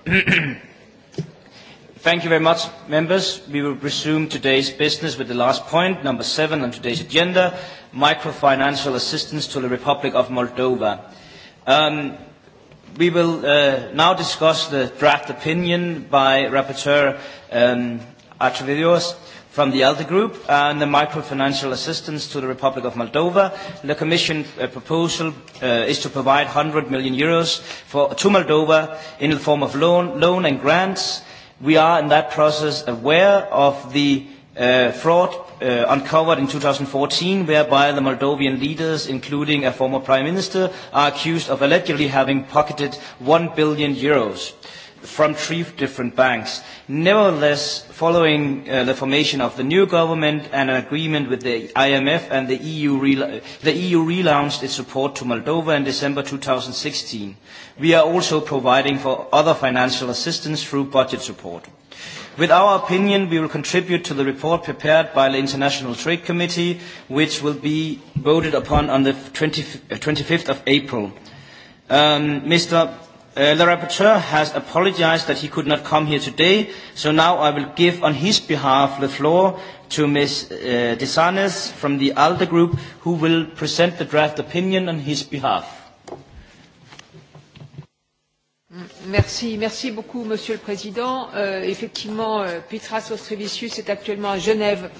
Thank you very much, members. We will resume today's business with the last point, number seven on today's agenda, microfinancial assistance to the Republic of Moldova. Um, we will uh, now discuss the draft opinion by Rapporteur um, Archividios from the ALDE Group and the microfinancial assistance to the Republic of Moldova. The Commission uh, proposal uh, is to provide 100 million euros for, to Moldova in the form of loan, loan and grants. We are in that process aware of the uh, fraud uh, uncovered in 2014, whereby the Moldovan leaders, including a former prime minister, are accused of allegedly having pocketed 1 billion euros from three different banks. Nevertheless, following uh, the formation of the new government and an agreement with the IMF and the EU, the EU relaunched its support to Moldova in December 2016. We are also providing for other financial assistance through budget support. With our opinion, we will contribute to the report prepared by the International Trade Committee, which will be voted upon on the 20, 25th uh, of April. Um, Mr. Uh, the rapporteur has apologized that he could not come here today, so now I will give on his behalf the floor to Ms. Uh, Desanes from the ALDE group, who will present the draft opinion on his behalf. Merci, merci beaucoup, Monsieur le Président. Uh, effectivement, uh, Petras Ostrevicius est actuellement à Genève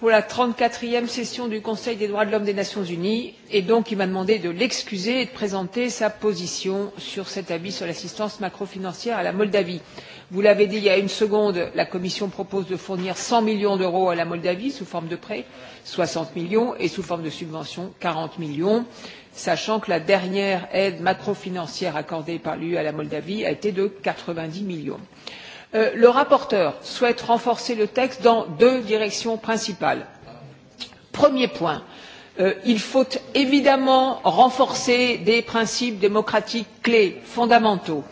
pour la 34e session du Conseil des droits de l'homme des Nations Unies et donc il m'a demandé de l'excuser et de présenter sa position sur cet avis sur l'assistance macrofinancière à la Moldavie. Vous l'avez dit il y a une seconde, la Commission propose de fournir 100 millions d'euros à la Moldavie sous forme de prêts, 60 millions, et sous forme de subventions, 40 millions, sachant que la dernière aide macrofinancière accordée par l'UE à la Moldavie a été de 90 millions. d'euros. Euh, le rapporteur souhaite renforcer le texte dans deux directions principales. Premier point, euh, il faut évidemment renforcer des principes démocratiques clés, fondamentaux,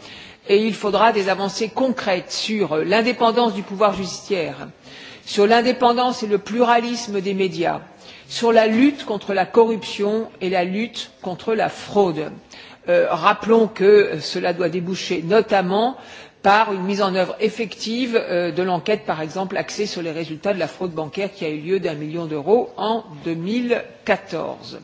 et il faudra des avancées concrètes sur l'indépendance du pouvoir judiciaire, sur l'indépendance et le pluralisme des médias, sur la lutte contre la corruption et la lutte contre la fraude. Euh, rappelons que cela doit déboucher notamment par une mise en œuvre effective euh, de l'enquête, par exemple, axée sur les résultats de la fraude bancaire qui a eu lieu d'un million d'euros en 2014.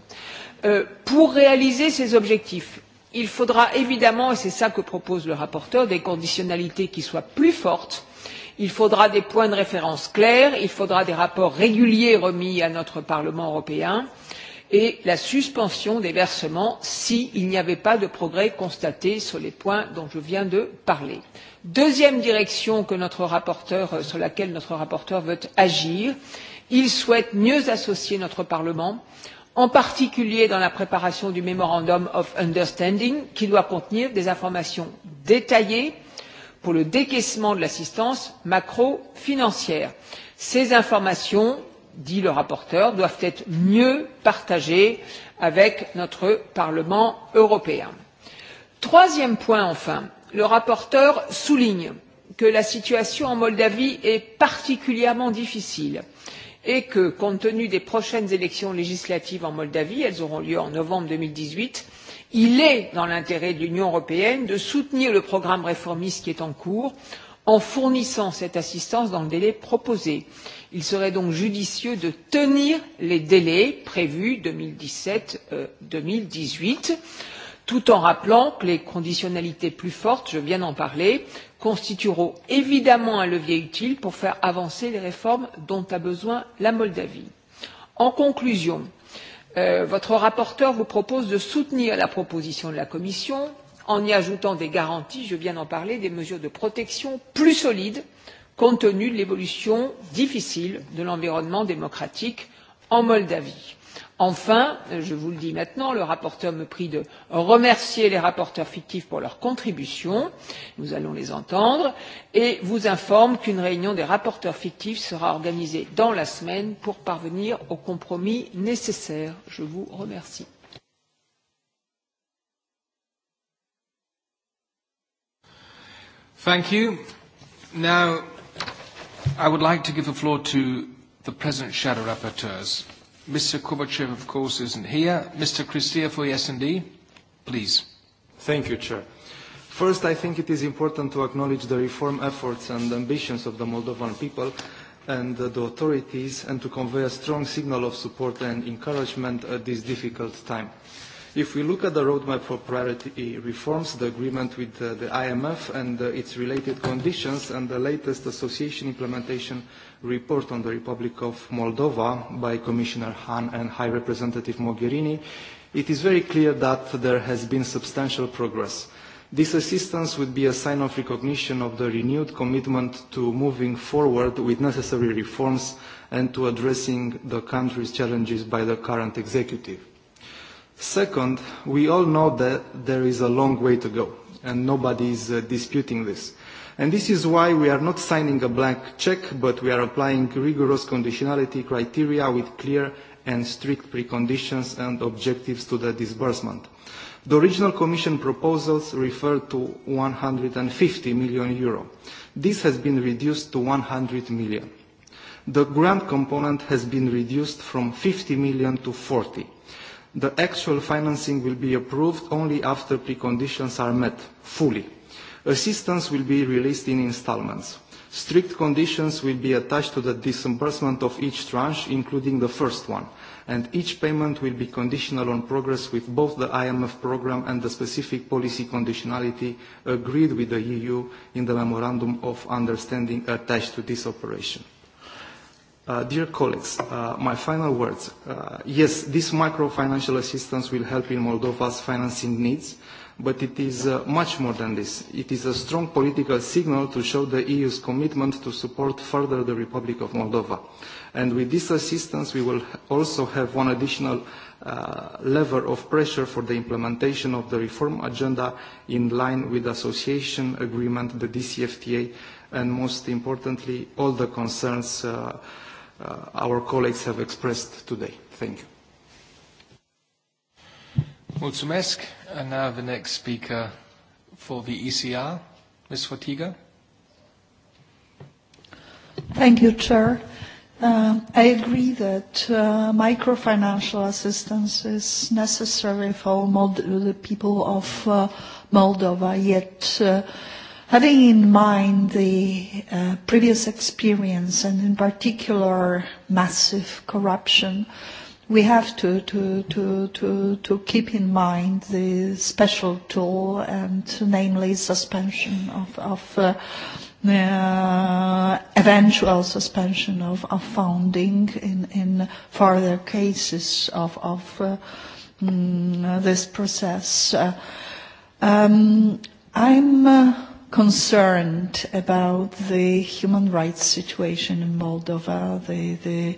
Euh, pour réaliser ces objectifs, il faudra évidemment, et c'est ça que propose le rapporteur, des conditionnalités qui soient plus fortes, il faudra des points de référence clairs, il faudra des rapports réguliers remis à notre Parlement européen, et la suspension des versements s'il n'y avait pas de progrès constaté sur les points dont je viens de parler. Deuxième direction que notre rapporteur, euh, sur laquelle notre rapporteur veut agir, il souhaite mieux associer notre Parlement, en particulier dans la préparation du Memorandum of Understanding, qui doit contenir des informations détaillées pour le décaissement de l'assistance macro-financière. Ces informations dit le rapporteur, doivent être mieux partagées avec notre Parlement européen. Troisième point enfin, le rapporteur souligne que la situation en Moldavie est particulièrement difficile et que, compte tenu des prochaines élections législatives en Moldavie, elles auront lieu en novembre deux mille dix huit, il est dans l'intérêt de l'Union européenne de soutenir le programme réformiste qui est en cours en fournissant cette assistance dans le délai proposé. Il serait donc judicieux de tenir les délais prévus 2017-2018 euh, tout en rappelant que les conditionnalités plus fortes, je viens d'en parler, constitueront évidemment un levier utile pour faire avancer les réformes dont a besoin la Moldavie. En conclusion, euh, votre rapporteur vous propose de soutenir la proposition de la Commission en y ajoutant des garanties, je viens d'en parler, des mesures de protection plus solides compte tenu de l'évolution difficile de l'environnement démocratique en Moldavie. Enfin, je vous le dis maintenant, le rapporteur me prie de remercier les rapporteurs fictifs pour leur contribution, nous allons les entendre, et vous informe qu'une réunion des rapporteurs fictifs sera organisée dans la semaine pour parvenir aux compromis nécessaires. Je vous remercie. Thank you. Now, I would like to give the floor to the present shadow rapporteurs. Mr. Kovachev, of course, isn't here. Mr. Christia for S&D, please. Thank you, Chair. First, I think it is important to acknowledge the reform efforts and ambitions of the Moldovan people and the authorities and to convey a strong signal of support and encouragement at this difficult time. If we look at the roadmap for priority reforms, the agreement with uh, the IMF and uh, its related conditions and the latest association implementation report on the Republic of Moldova by Commissioner Hahn and High Representative Mogherini, it is very clear that there has been substantial progress. This assistance would be a sign of recognition of the renewed commitment to moving forward with necessary reforms and to addressing the country's challenges by the current executive. Second, we all know that there is a long way to go, and nobody is uh, disputing this. And this is why we are not signing a blank check, but we are applying rigorous conditionality criteria with clear and strict preconditions and objectives to the disbursement. The original Commission proposals referred to 150 million euro. This has been reduced to 100 million. The grant component has been reduced from 50 million to 40 the actual financing will be approved only after preconditions are met fully. Assistance will be released in installments. Strict conditions will be attached to the disbursement of each tranche, including the first one, and each payment will be conditional on progress with both the IMF program and the specific policy conditionality agreed with the EU in the Memorandum of Understanding attached to this operation. Uh, dear colleagues, uh, my final words. Uh, yes, this microfinancial financial assistance will help in Moldova's financing needs, but it is uh, much more than this. It is a strong political signal to show the EU's commitment to support further the Republic of Moldova. And with this assistance, we will also have one additional uh, lever of pressure for the implementation of the reform agenda in line with association agreement, the DCFTA, and most importantly, all the concerns uh, uh, our colleagues have expressed today. Thank you. Mulțumesc. And now the next speaker for the ECR, Ms. Fatiga. Thank you, Chair. Uh, I agree that uh, microfinancial assistance is necessary for Mold the people of uh, Moldova, yet uh, Having in mind the uh, previous experience and in particular massive corruption, we have to, to, to, to, to keep in mind the special tool and namely suspension of, of uh, uh, eventual suspension of, of funding in, in further cases of, of uh, mm, this process. Uh, um, I'm uh, concerned about the human rights situation in Moldova. The, the,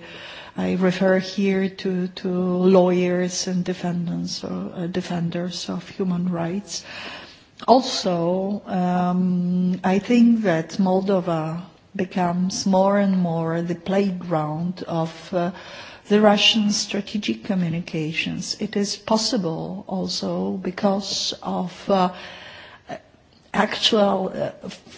I refer here to, to lawyers and defendants or, uh, defenders of human rights. Also, um, I think that Moldova becomes more and more the playground of uh, the Russian strategic communications. It is possible also because of uh, actual uh,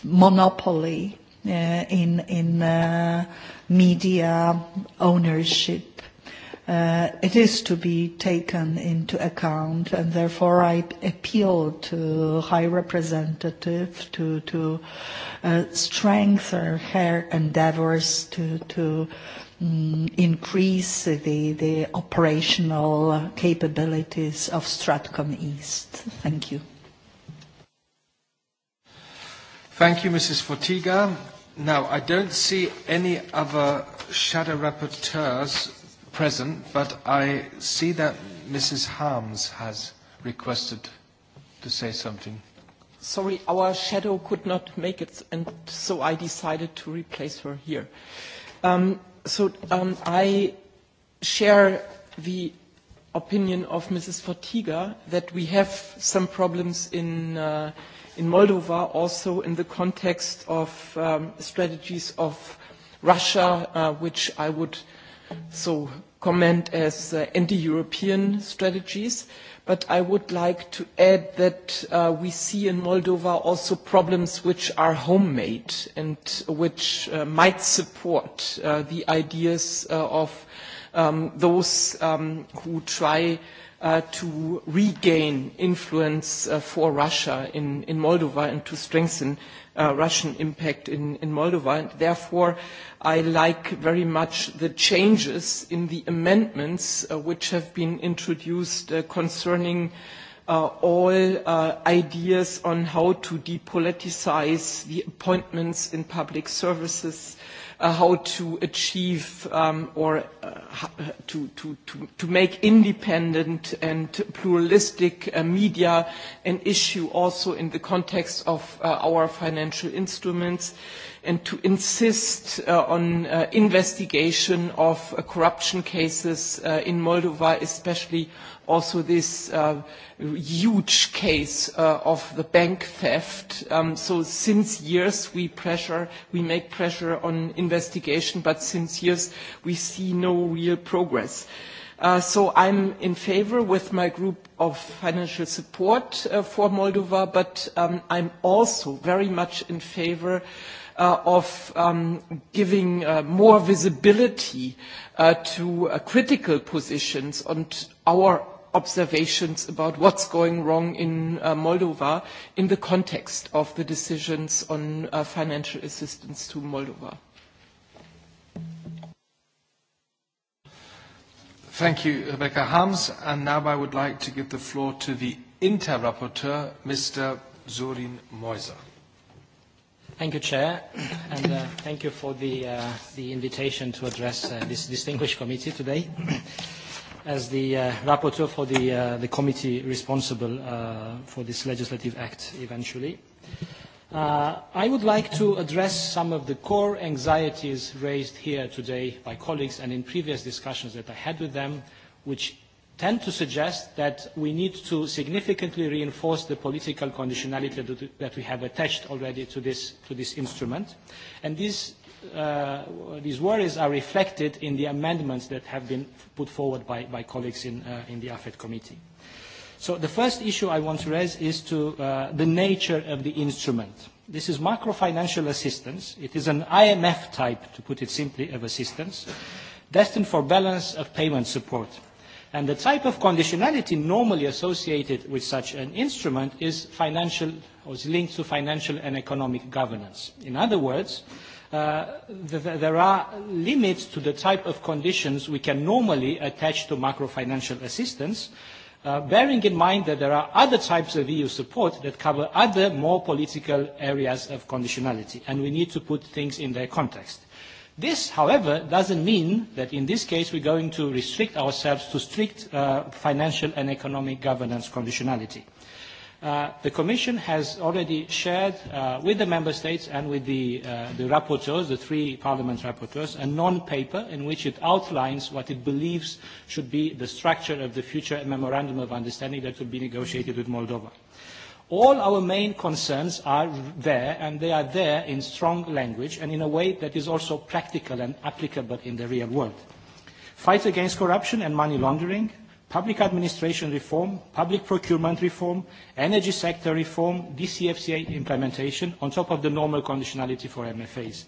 monopoly uh, in, in uh, media ownership. Uh, it is to be taken into account, and therefore I appeal to High Representative to, to uh, strengthen her endeavors to, to um, increase the, the operational capabilities of Stratcom East. Thank you. Thank you, Mrs. Fortiga. Now, I don't see any other shadow rapporteurs present, but I see that Mrs. Harms has requested to say something. Sorry, our shadow could not make it, and so I decided to replace her here. Um, so um, I share the opinion of Mrs. Fortiga that we have some problems in uh, in Moldova also in the context of um, strategies of Russia, uh, which I would so comment as uh, anti-European strategies. But I would like to add that uh, we see in Moldova also problems which are homemade and which uh, might support uh, the ideas uh, of um, those um, who try uh, uh, to regain influence uh, for Russia in, in Moldova and to strengthen uh, Russian impact in, in Moldova. And therefore, I like very much the changes in the amendments uh, which have been introduced uh, concerning uh, all uh, ideas on how to depoliticize the appointments in public services uh, how to achieve um, or uh, to, to, to, to make independent and pluralistic uh, media an issue also in the context of uh, our financial instruments and to insist uh, on uh, investigation of uh, corruption cases uh, in Moldova, especially also this uh, huge case uh, of the bank theft. Um, so since years we pressure, we make pressure on investigation, but since years we see no real progress. Uh, so I'm in favor with my group of financial support uh, for Moldova, but um, I'm also very much in favor uh, of um, giving uh, more visibility uh, to uh, critical positions on our observations about what's going wrong in uh, Moldova in the context of the decisions on uh, financial assistance to Moldova. Thank you, Rebecca Harms. And now I would like to give the floor to the inter-rapporteur, Mr. Zorin Moiser. Thank you, Chair, and uh, thank you for the, uh, the invitation to address uh, this distinguished committee today as the uh, rapporteur for the, uh, the committee responsible uh, for this legislative act eventually. Uh, I would like to address some of the core anxieties raised here today by colleagues and in previous discussions that I had with them, which tend to suggest that we need to significantly reinforce the political conditionality that we have attached already to this, to this instrument. And these, uh, these worries are reflected in the amendments that have been put forward by, by colleagues in, uh, in the AFED committee. So the first issue I want to raise is to uh, the nature of the instrument. This is macrofinancial assistance. It is an IMF type, to put it simply, of assistance, destined for balance of payment support. And the type of conditionality normally associated with such an instrument is financial or is linked to financial and economic governance. In other words, uh, th th there are limits to the type of conditions we can normally attach to macrofinancial assistance, uh, bearing in mind that there are other types of EU support that cover other more political areas of conditionality, and we need to put things in their context. This, however, doesn't mean that in this case we're going to restrict ourselves to strict uh, financial and economic governance conditionality. Uh, the Commission has already shared uh, with the Member States and with the, uh, the rapporteurs, the three Parliament rapporteurs, a non-paper in which it outlines what it believes should be the structure of the future memorandum of understanding that will be negotiated with Moldova. Uh, All our main concerns are there, and they are there in strong language and in a way that is also practical and applicable in the real world. Fight against corruption and money laundering, public administration reform, public procurement reform, energy sector reform, DCFCA implementation, on top of the normal conditionality for MFAs.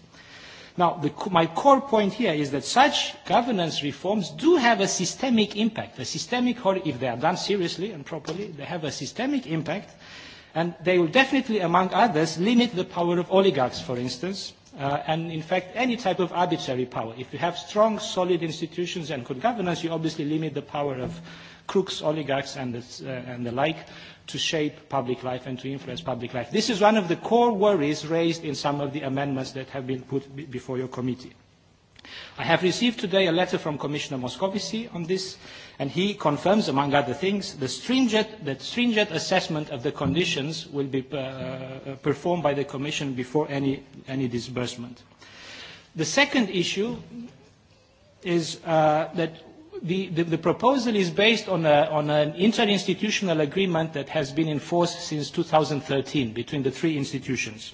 Now, the, my core point here is that such governance reforms do have a systemic impact, a systemic, if they are done seriously and properly, they have a systemic impact And they will definitely, among others, limit the power of oligarchs, for instance, uh, and in fact any type of arbitrary power. If you have strong, solid institutions and good governance, you obviously limit the power of crooks, oligarchs, and the, uh, and the like to shape public life and to influence public life. This is one of the core worries raised in some of the amendments that have been put before your committee. I have received today a letter from Commissioner Moscovici on this, and he confirms, among other things, the stringent, the stringent assessment of the conditions will be uh, uh, performed by the Commission before any, any disbursement. The second issue is uh, that the, the, the proposal is based on, a, on an interinstitutional agreement that has been enforced since 2013 between the three institutions.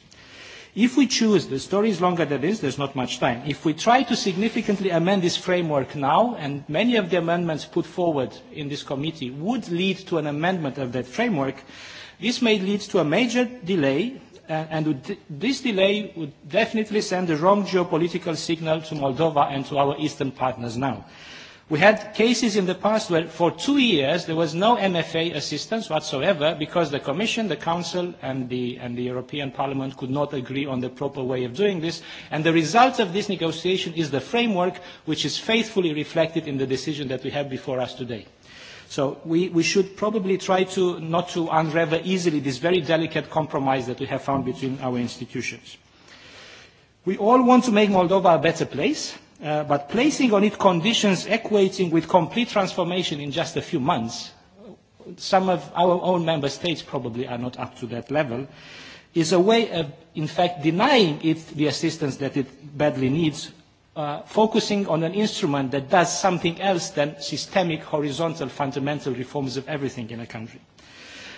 If we choose, the story is longer than this, there's not much time. If we try to significantly amend this framework now, and many of the amendments put forward in this committee would lead to an amendment of that framework, this may lead to a major delay, uh, and this delay would definitely send the wrong geopolitical signal to Moldova and to our eastern partners now. We had cases in the past where for two years there was no MFA assistance whatsoever because the Commission, the Council and the, and the European Parliament could not agree on the proper way of doing this. And the result of this negotiation is the framework which is faithfully reflected in the decision that we have before us today. So we, we should probably try to not to unravel easily this very delicate compromise that we have found between our institutions. We all want to make Moldova a better place. Uh, but placing on it conditions equating with complete transformation in just a few months, some of our own member states probably are not up to that level, is a way of, in fact, denying it the assistance that it badly needs, uh, focusing on an instrument that does something else than systemic, horizontal, fundamental reforms of everything in a country.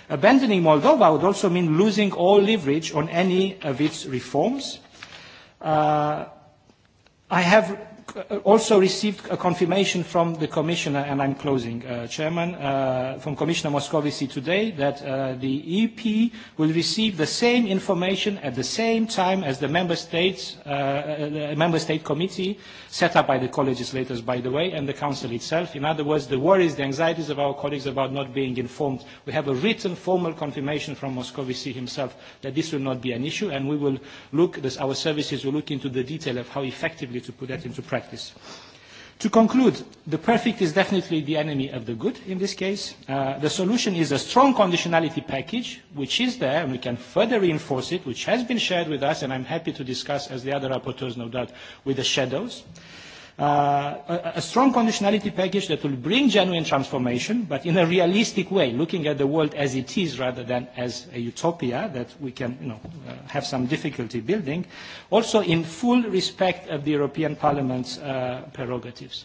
Abandoning Moldova would also mean losing all leverage on any of its reforms, uh, I have Uh, also received a confirmation from the Commissioner, and I'm closing, uh, Chairman, uh, from Commissioner Moscovici today that uh, the EP will receive the same information at the same time as the Member, States, uh, the uh, Member State Committee, set up by the co-legislators, by the way, and the Council itself. In other words, the worries, the anxieties of our colleagues about not being informed. We have a written formal confirmation from Moscovici himself that this will not be an issue, and we will look, this, our services will look into the detail of how effectively to put that into practice practice. To conclude, the perfect is definitely the enemy of the good in this case. Uh, the solution is a strong conditionality package, which is there, and we can further reinforce it, which has been shared with us, and I'm happy to discuss, as the other rapporteurs no doubt, with the shadows. Mm -hmm. Uh, a strong conditionality package that will bring genuine transformation, but in a realistic way, looking at the world as it is rather than as a utopia that we can you know, uh, have some difficulty building, also in full respect of the European Parliament's uh, prerogatives.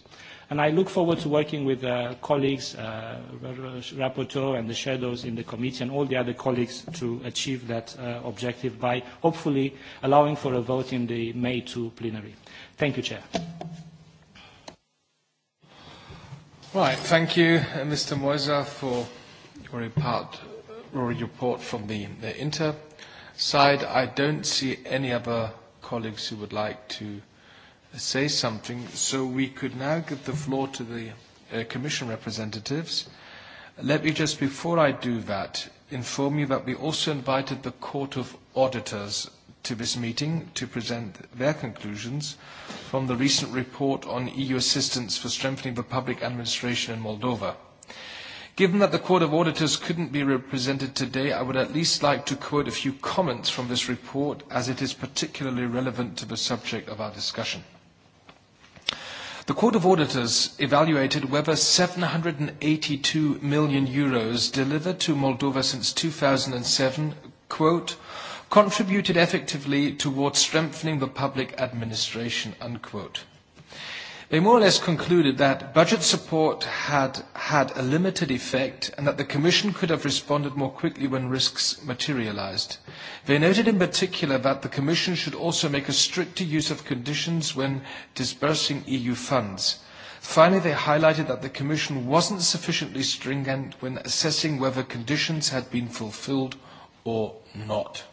And I look forward to working with uh, colleagues, uh, rapporteur and the shadows in the committee and all the other colleagues to achieve that uh, objective by hopefully allowing for a vote in the May 2 plenary. Thank you, Chair. Right, thank you, uh, Mr. Moisa, for your report, your report from the, the Inter side. I don't see any other colleagues who would like to uh, say something, so we could now give the floor to the uh, Commission representatives. Let me just, before I do that, inform you that we also invited the Court of Auditors to this meeting to present their conclusions from the recent report on EU assistance for strengthening the public administration in Moldova. Given that the Court of Auditors couldn't be represented today, I would at least like to quote a few comments from this report as it is particularly relevant to the subject of our discussion. The Court of Auditors evaluated whether 782 million euros delivered to Moldova since 2007, quote, contributed effectively towards strengthening the public administration, unquote. They more or less concluded that budget support had had a limited effect and that the Commission could have responded more quickly when risks materialized. They noted in particular that the Commission should also make a stricter use of conditions when disbursing EU funds. Finally, they highlighted that the Commission wasn't sufficiently stringent when assessing whether conditions had been fulfilled or not.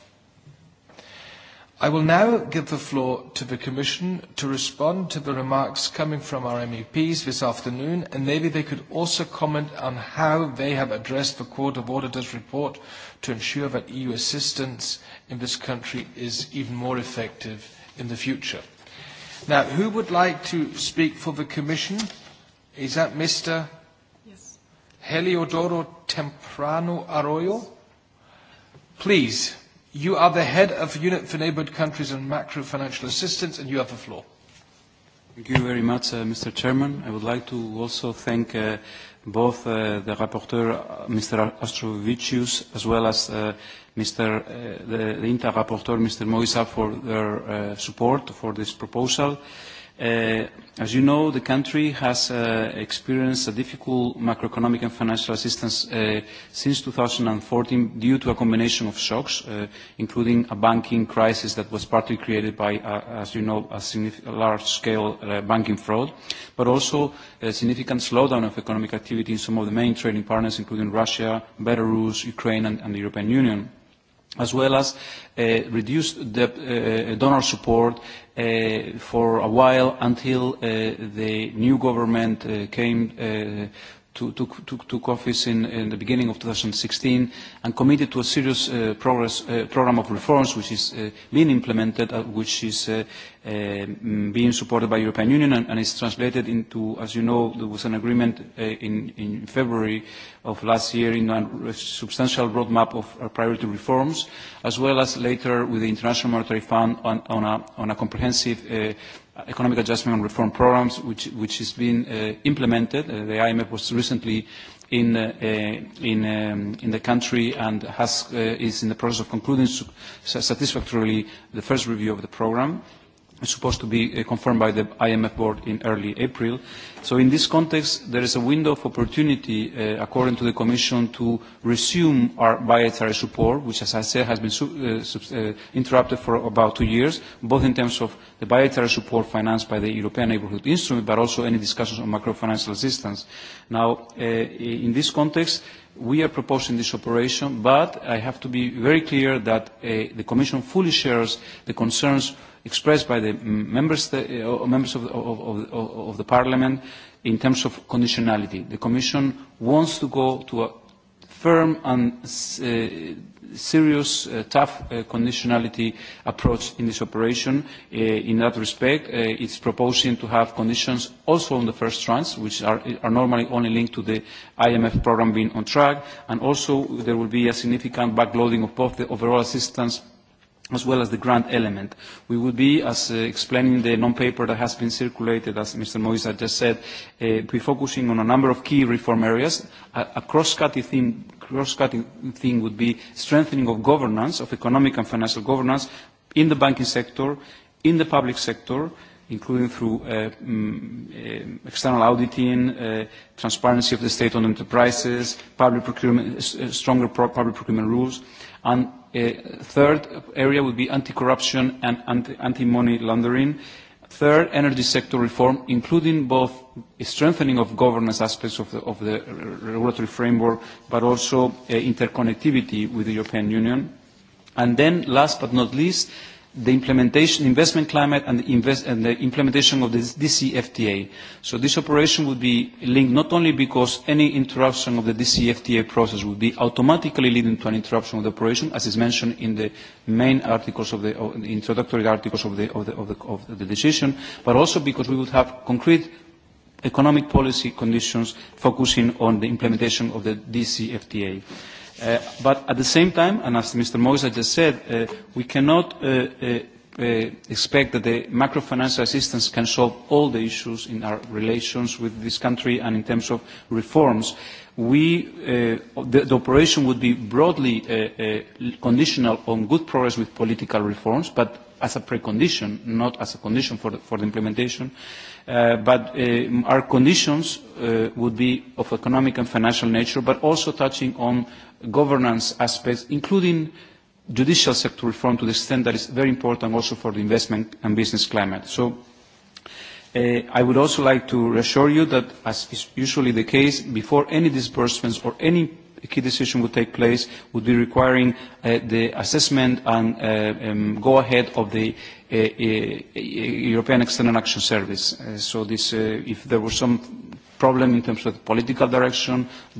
I will now give the floor to the Commission to respond to the remarks coming from our MEPs this afternoon, and maybe they could also comment on how they have addressed the Court of Auditors report to ensure that EU assistance in this country is even more effective in the future. Now, who would like to speak for the Commission? Is that Mr. Yes. Heliodoro Temprano Arroyo? Please. You are the head of Unit for Neighbourhood Countries and Macro Financial Assistance, and you have the floor. Thank you very much, uh, Mr. Chairman. I would like to also thank uh, both uh, the rapporteur, uh, Mr. Astrovicius, as well as uh, Mr. Uh, the, the inter rapporteur, Mr. Moisa, for their uh, support for this proposal. Uh, Uh, as you know, the country has uh, experienced a difficult macroeconomic and financial assistance uh, since 2014 due to a combination of shocks, uh, including a banking crisis that was partly created by, uh, as you know, a, large-scale uh, banking fraud, but also a significant slowdown of economic activity in some of the main trading partners, including Russia, Belarus, Ukraine, and, and the European Union as well as uh, reduced the, uh, donor support uh, for a while until uh, the new government uh, came uh, to, to, to, took office in, in the beginning of 2016 and committed to a serious uh, progress, uh, program of reforms which is uh, being implemented, uh, which is uh, Um, being supported by European Union and, and is translated into, as you know, there was an agreement uh, in, in February of last year in a substantial roadmap of uh, priority reforms, as well as later with the International Monetary Fund on, on, a, on a comprehensive uh, economic adjustment and reform programs, which, which has been uh, implemented. Uh, the IMF was recently in, uh, uh, in, um, in the country and has, uh, is in the process of concluding satisfactorily the first review of the program supposed to be uh, confirmed by the IMF board in early April. So in this context, there is a window of opportunity, uh, according to the Commission, to resume our bilateral support, which, as I said, has been su uh, uh, interrupted for about two years, both in terms of the bilateral support financed by the European Neighbourhood Instrument, but also any discussions on macrofinancial assistance. Now, uh, in this context, uh, we are proposing this operation, but I have to be very clear that uh, the Commission fully shares the concerns expressed by the uh, members, uh, members of, of, of, of the Parliament in terms of conditionality. The Commission wants to go to a firm and uh, serious, uh, tough uh, conditionality approach in this operation. Uh, in that respect, uh, it's proposing to have conditions also on the first tranche, which are, are normally only linked to the IMF program being on track, and also there will be a significant backloading of both the overall assistance as well as the grant element. We would be, as uh, explaining in the non-paper that has been circulated, as Mr. Moisa just said, uh, be focusing on a number of key reform areas. A, a cross-cutting thing, cross thing would be strengthening of governance, of economic and financial governance, in the banking sector, in the public sector, including through uh, um, uh, external auditing, uh, transparency of the state-owned enterprises, public procurement, uh, stronger pro public procurement rules, and A third area would be anti-corruption and anti-money anti laundering. Third, energy sector reform, including both strengthening of governance aspects of the, of the regulatory framework, but also uh, interconnectivity with the European Union. And then, last but not least, the implementation, investment climate and the, invest, and the implementation of the DCFTA. So this operation would be linked not only because any interruption of the DCFTA process would be automatically leading to an interruption of the operation, as is mentioned in the main articles of the, of the introductory articles of the, of, the, of, the, of the decision, but also because we would have concrete economic policy conditions focusing on the implementation of the DCFTA. Uh, but at the same time, and as Mr. Moisa just said, uh, we cannot uh, uh, uh, expect that the macrofinancial assistance can solve all the issues in our relations with this country and in terms of reforms. We, uh, the, the operation would be broadly uh, uh, conditional on good progress with political reforms, but as a precondition, not as a condition for the, for the implementation. Uh, but uh, our conditions uh, would be of economic and financial nature, but also touching on governance aspects, including judicial sector reform to the extent that is very important also for the investment and business climate. So uh, I would also like to reassure you that, as is usually the case, before any disbursements or any key decision would take place, would be requiring uh, the assessment and uh, eh, um, go-ahead of the uh, uh, European External Action Service. Uh, so this, uh, if there were some problem in terms of political direction,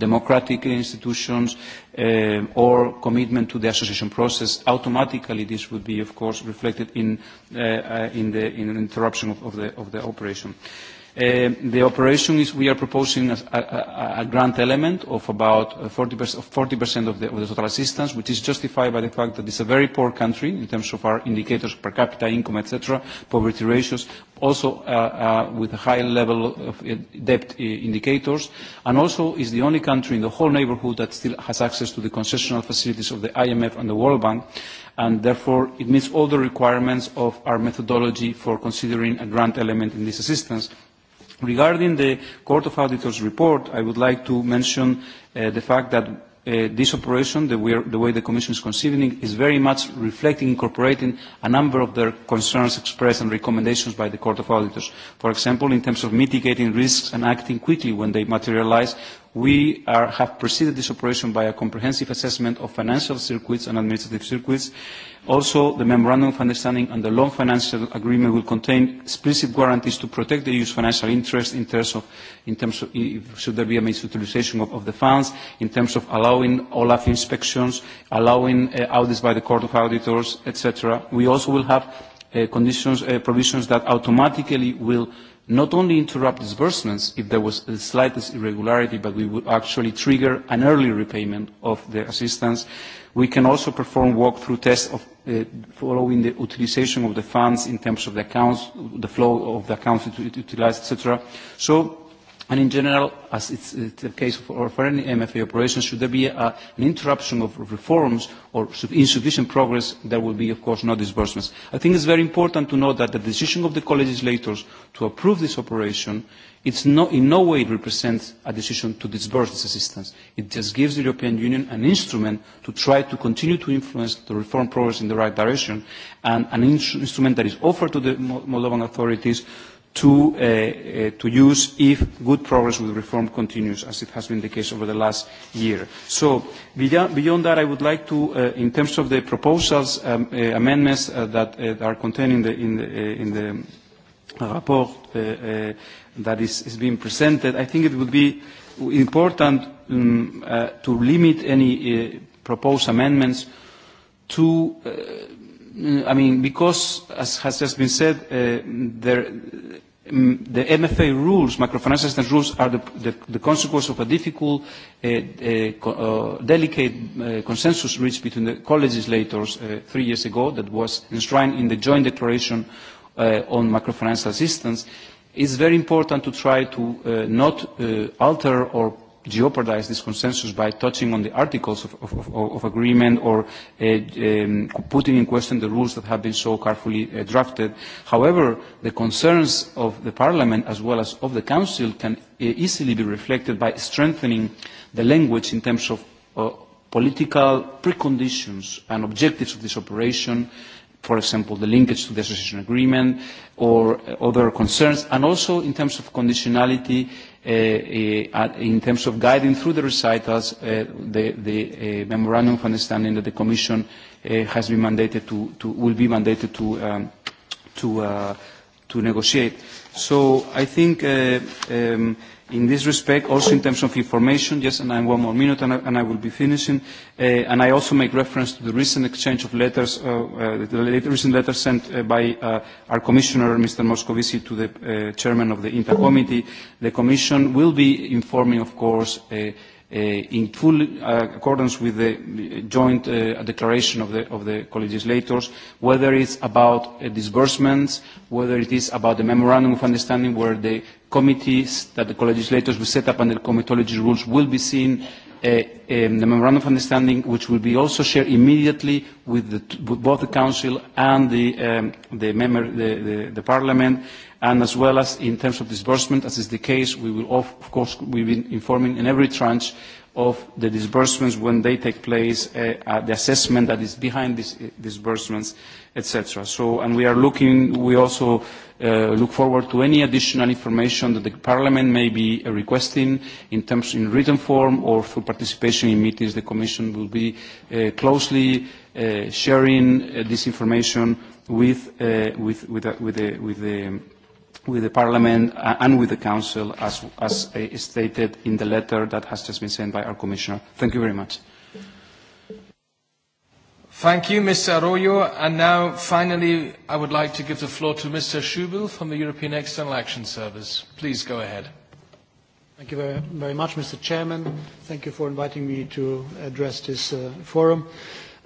democratic institutions, uh, or commitment to the association process, automatically this would be, of course, reflected in, uh, uh, in the in an interruption of, of, the, of the operation. Uh, Uh, the operation is we are proposing a, a, a grant element of about 40%, uh, of, 40 of, the, of the total assistance, which is justified by the fact that it's a very poor country in terms of our indicators per capita income, etc., poverty ratios, also uh, uh, with a high level of uh, debt indicators, and also is the only country in the whole neighborhood that still has access to the concessional facilities of the IMF and the World Bank, and therefore it meets all the requirements of our methodology for considering a grant element in this assistance Regarding the Court of Auditors report, I would like to mention uh, the fact that uh, this operation, the way, the way the Commission is conceiving it, is very much reflecting, incorporating a number of their concerns expressed and recommendations by the Court of Auditors. For example, in terms of mitigating risks and acting quickly when they materialize, we are, have preceded this operation by a comprehensive assessment of financial circuits and administrative circuits. Also, the Memorandum of Understanding and the Loan Financial Agreement will contain explicit guarantees to protect the EU's financial interests in terms of, in terms of if, should there be a misutilization of, of the funds, in terms of allowing OLAF inspections, allowing uh, audits by the Court of Auditors, etc. We also will have Uh, conditions, uh, provisions that automatically will not only interrupt disbursements if there was the slightest irregularity, but we would actually trigger an early repayment of the assistance. We can also perform walkthrough tests of uh, following the utilization of the funds in terms of the accounts, the flow of the accounts utilized, etc. So And in general, as it's the case for, for any MFA operation, should there be a, an interruption of reforms or insufficient progress, there will be, of course, no disbursements. I think it's very important to note that the decision of the co-legislators to approve this operation it's no, in no way represents a decision to disburse this assistance. It just gives the European Union an instrument to try to continue to influence the reform progress in the right direction and an instrument that is offered to the Moldovan authorities to, uh, uh, to use if good progress with reform continues, as it has been the case over the last year. So beyond, that, I would like to, uh, in terms of the proposals, um, uh, amendments uh, that uh, are contained in the, in the, uh, in the report uh, uh, that is, is being presented, I think it would be important um, uh, to limit any uh, proposed amendments to uh, Uh, I mean, because, as has just been said, uh, there, mm, the MFA rules, microfinance assistance rules, are the, the, the consequence of a difficult, uh, uh, uh, delicate uh, consensus reached between the co-legislators uh, three years ago that was enshrined in the joint declaration uh, on microfinance assistance. It's very important to try to uh, not uh, alter or jeopardize this consensus by touching on the articles of, of, of, of agreement or uh, um, putting in question the rules that have been so carefully uh, drafted. However, the concerns of the Parliament as well as of the Council can uh, easily be reflected by strengthening the language in terms of uh, political preconditions and objectives of this operation, for example, the linkage to the association agreement or uh, other concerns, and also in terms of conditionality uh, uh, in terms of guiding through the recitals uh, the, the uh, memorandum of understanding that the Commission uh, has been mandated to, to will be mandated to um, to uh, to negotiate. So I think uh, um, in this respect, also in terms of information, yes, and I'm one more minute and I, and I will be finishing, uh, and I also make reference to the recent exchange of letters, uh, uh, the recent letter sent uh, by uh, our Commissioner, Mr. Moscovici, to the uh, Chairman of the INTA Committee. The Commission will be informing, of course, uh, uh, in full uh, accordance with the joint uh, declaration of the, of the co-legislators, whether it's about uh, disbursements, whether it is about the memorandum of understanding where the committees that the co-legislators will set up under the comitology rules will be seen uh, um, the memorandum of understanding, which will be also shared immediately with, the, with both the Council and the, um, the, member, the, the, the Parliament, and as well as in terms of disbursement, as is the case, we will of, of course we've been informing in every tranche of the disbursements when they take place, uh, uh, the assessment that is behind these uh, disbursements, etc. So, and we are looking, we also uh, look forward to any additional information that the Parliament may be uh, requesting in terms in written form or through participation in meetings. The Commission will be uh, closely uh, sharing uh, this information with, uh, with, with, uh, with the, with the with the Parliament uh, and with the Council, as, as uh, stated in the letter that has just been sent by our Commissioner. Thank you very much. Thank you, Mr. Arroyo. And now, finally, I would like to give the floor to Mr. Schubel from the European External Action Service. Please go ahead. Thank you very, very much, Mr. Chairman. Thank you for inviting me to address this uh, forum.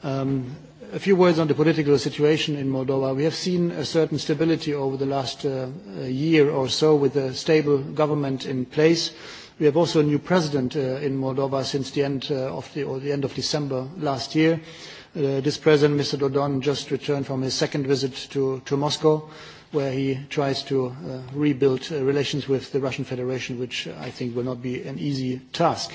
Um, A few words on the political situation in Moldova. We have seen a certain stability over the last uh, uh, year or so with a stable government in place. We have also a new president uh, in Moldova since the end, uh, of the, or the end of December last year. Uh, this president, Mr. Dodon, just returned from his second visit to, to Moscow, where he tries to uh, rebuild uh, relations with the Russian Federation, which uh, I think will not be an easy task.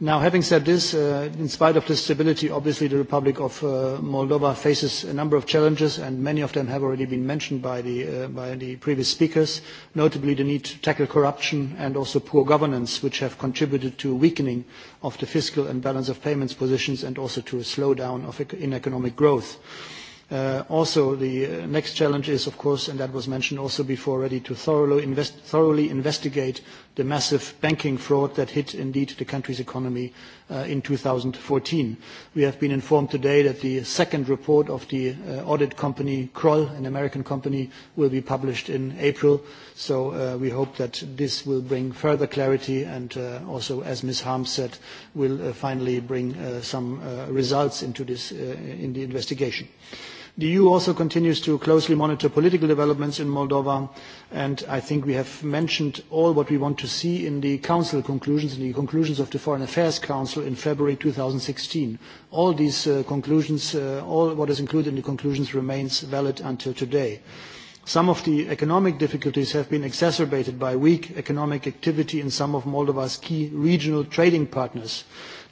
Now, having said this, uh, in spite of this stability, obviously the Republic of uh, Moldova faces a number of challenges, and many of them have already been mentioned by the, uh, by the previous speakers, notably the need to tackle corruption and also poor governance, which have contributed to a weakening of the fiscal and balance of payments positions and also to a slowdown of, ec in economic growth. Uh, Uh, also, the uh, next challenge is, of course, and that was mentioned also before already, to thoroughly, investigate the massive banking fraud that hit indeed the country's economy uh, in 2014. We have been informed today that the second report of the audit company Kroll, an American company, will be published in April. So we hope that this will bring further clarity and also, as Ms. Harms said, will finally bring some results into this, in the investigation. The EU also continues to closely monitor political developments in Moldova, and I think we have mentioned all what we want to see in the Council conclusions, in the conclusions of the Foreign Affairs Council in February 2016. All these uh, conclusions, uh, all what is included in the conclusions remains valid until today. Some of the economic difficulties have been exacerbated by weak economic activity in some of Moldova's key regional trading partners.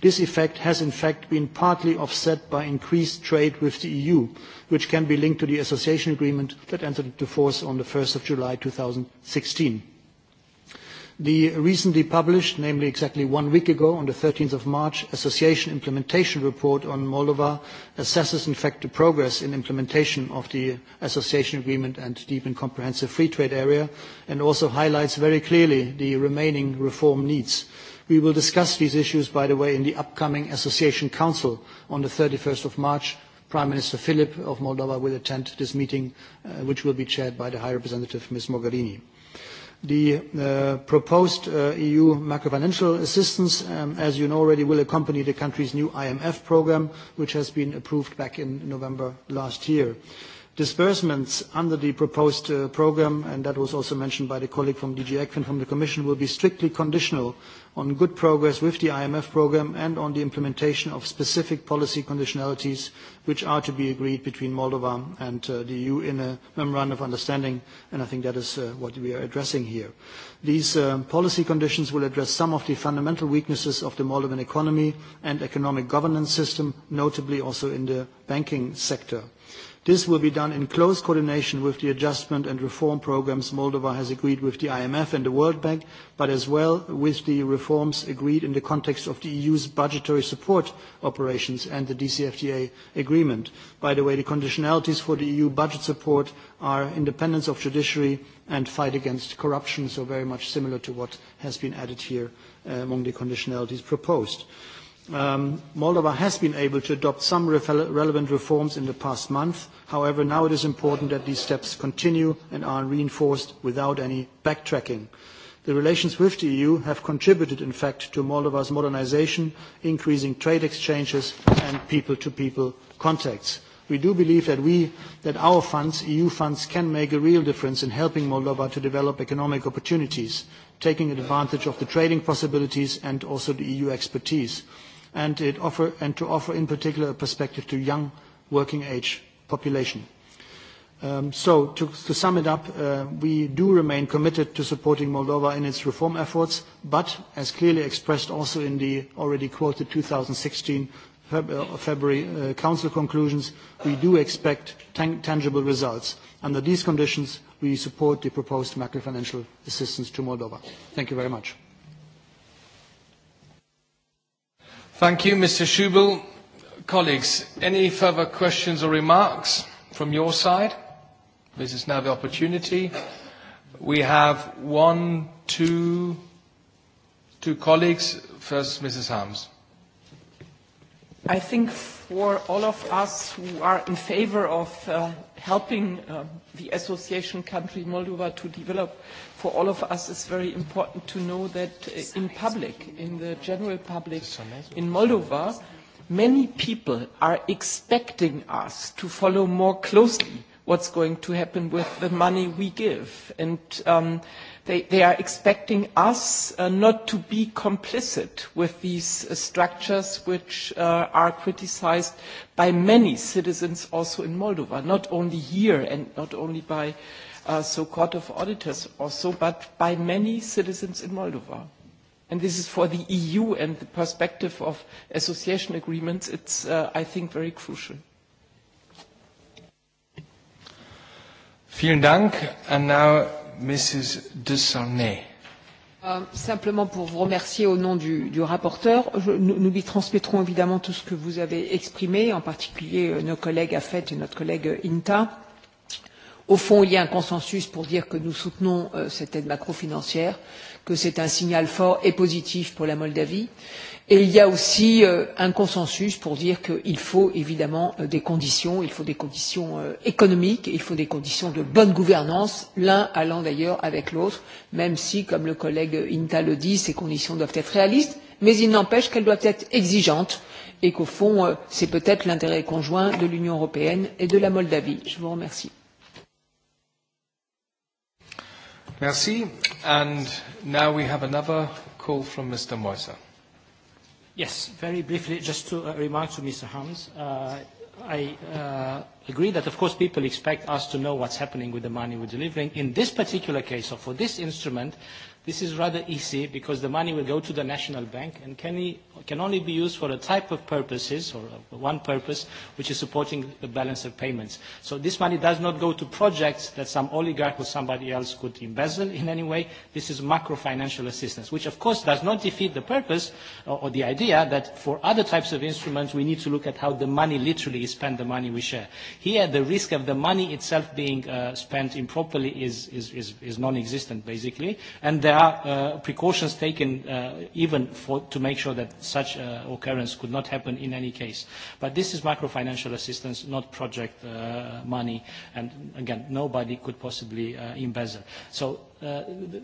This effect has in fact been partly offset by increased trade with the EU, which can be linked to the association agreement that entered into force on the 1st of July sixteen. The recently published, namely exactly one week ago, on the 13th of March, Association Implementation Report on Moldova assesses in fact the progress in implementation of the Association Agreement and Deep and Comprehensive Free Trade Area, and also highlights very clearly the remaining reform needs. We will discuss these issues, by the way, in the upcoming Association Council on the 31st of March. Prime Minister Philip of Moldova will attend this meeting, uh, which will be chaired by the High Representative Ms. Mogherini. The uh, proposed uh, EU macrofinancial assistance, um, as you know already, will accompany the country's new IMF program, which has been approved back in November last year. Disbursements under the proposed uh, program, and that was also mentioned by the colleague from DG ECFIN from the Commission, will be strictly conditional on good progress with the IMF program and on the implementation of specific policy conditionalities which are to be agreed between Moldova and uh, the EU in a memorandum of understanding, and I think that is uh, what we are addressing here. These um, policy conditions will address some of the fundamental weaknesses of the Moldovan economy and economic governance system, notably also in the banking sector. This will be done in close coordination with the adjustment and reform programs Moldova has agreed with the IMF and the World Bank, but as well with the reforms agreed in the context of the EU's budgetary support operations and the DCFTA agreement. By the way, the conditionalities for the EU budget support are independence of judiciary and fight against corruption, so very much similar to what has been added here uh, among the conditionalities proposed. Um, Moldova has been able to adopt some re relevant reforms in the past month. However, now it is important that these steps continue and are reinforced without any backtracking. The relations with the EU have contributed, in fact, to Moldova's modernization, increasing trade exchanges and people-to-people -people contacts. We do believe that, we, that our funds, EU funds, can make a real difference in helping Moldova to develop economic opportunities, taking advantage of the trading possibilities and also the EU expertise and, it offer, and to offer in particular a perspective to young working age population. Um, so to, to sum it up, uh, we do remain committed to supporting Moldova in its reform efforts, but as clearly expressed also in the already quoted 2016 Feb uh, February uh, Council conclusions, we do expect tan tangible results. Under these conditions, we support the proposed macrofinancial assistance to Moldova. Thank you very much. Thank you, Mr. Schubel. Colleagues, any further questions or remarks from your side? This is now the opportunity. We have one, two, two colleagues. First, Mrs. Harms. I think for all of us who are in favor of uh, helping uh, the association country Moldova to develop, for all of us it's very important to know that uh, in public, in the general public in Moldova, many people are expecting us to follow more closely what's going to happen with the money we give. And um, they, they are expecting us uh, not to be complicit with these uh, structures which uh, are criticized by many citizens also in Moldova, not only here and not only by uh, so court of auditors also, but by many citizens in Moldova. And this is for the EU and the perspective of association agreements, it's, uh, I think, very crucial. Vielen Dank. And now Mrs. de Sarnay. Euh, simplement pour vous remercier au nom du, du rapporteur, je, nous, nous lui transmettrons évidemment tout ce que vous avez exprimé, en particulier euh, nos collègues AFET et notre collègue INTA. Au fond, il y a un consensus pour dire que nous soutenons euh, cette aide macrofinancière, que c'est un signal fort et positif pour la Moldavie. Et il y a aussi euh, un consensus pour dire qu'il faut évidemment euh, des conditions, il faut des conditions euh, économiques, il faut des conditions de bonne gouvernance, l'un allant d'ailleurs avec l'autre, même si, comme le collègue Inta le dit, ces conditions doivent être réalistes, mais il n'empêche qu'elles doivent être exigeantes et qu'au fond, euh, c'est peut-être l'intérêt conjoint de l'Union européenne et de la Moldavie. Je vous remercie. Merci. And now we have another call from Mr. Moisa. Yes, very briefly, just to uh, remark to Mr. Hams. Uh, I uh, agree that, of course, people expect us to know what's happening with the money we're delivering. In this particular case, or for this instrument, This is rather easy because the money will go to the National Bank and can, he, can only be used for a type of purposes or one purpose which is supporting the balance of payments. So this money does not go to projects that some oligarch or somebody else could embezzle in any way. This is macro-financial assistance, which of course does not defeat the purpose or, or the idea that for other types of instruments we need to look at how the money literally is spent, the money we share. Here the risk of the money itself being uh, spent improperly is, is, is, is non-existent basically. And there are uh, precautions taken uh, even for, to make sure that such uh, occurrence could not happen in any case. But this is financial assistance, not project uh, money. And again, nobody could possibly uh, embezzle. So uh,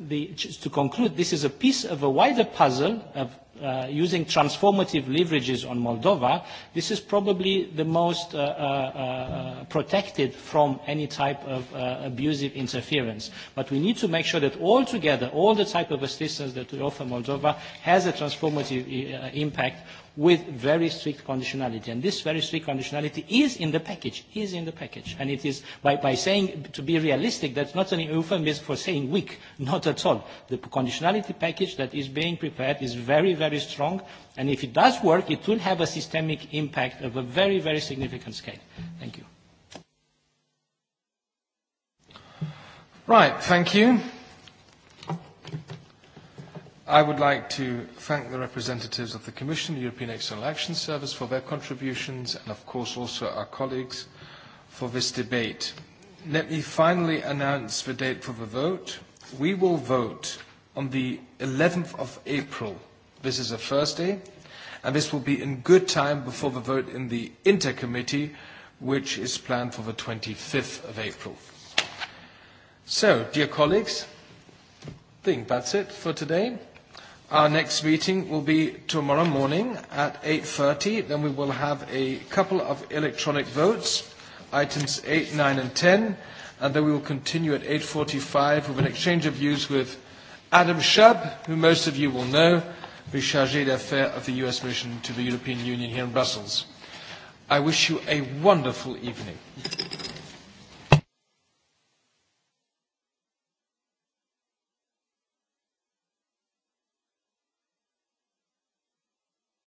the, to conclude, this is a piece of a wider puzzle of uh, using transformative leverages on Moldova, this is probably the most uh, uh, uh, protected from any type of uh, abusive interference. But we need to make sure that all together, all the type of assistance that we offer Moldova has a transformative uh, impact with very strict conditionality. And this very strict conditionality is in the package, is in the package. And it is by, by saying, to be realistic, that's not an euphemism for saying weak, not at all. The conditionality package that is being prepared is very, very strong. And if it does work, it will have a systemic impact of a very, very significant scale. Thank you. Right, thank you. I would like to thank the representatives of the Commission, the European External Action Service for their contributions and of course also our colleagues for this debate. Let me finally announce the date for the vote. We will vote on the 11th of April. This is a Thursday and this will be in good time before the vote in the intercommittee which is planned for the 25th of April. So, dear colleagues, I think that's it for today. Our next meeting will be tomorrow morning at 8.30. Then we will have a couple of electronic votes, items 8, 9 and 10. And then we will continue at 8.45 with an exchange of views with Adam Shub, who most of you will know, who is chargé d'affaires of the US mission to the European Union here in Brussels. I wish you a wonderful evening.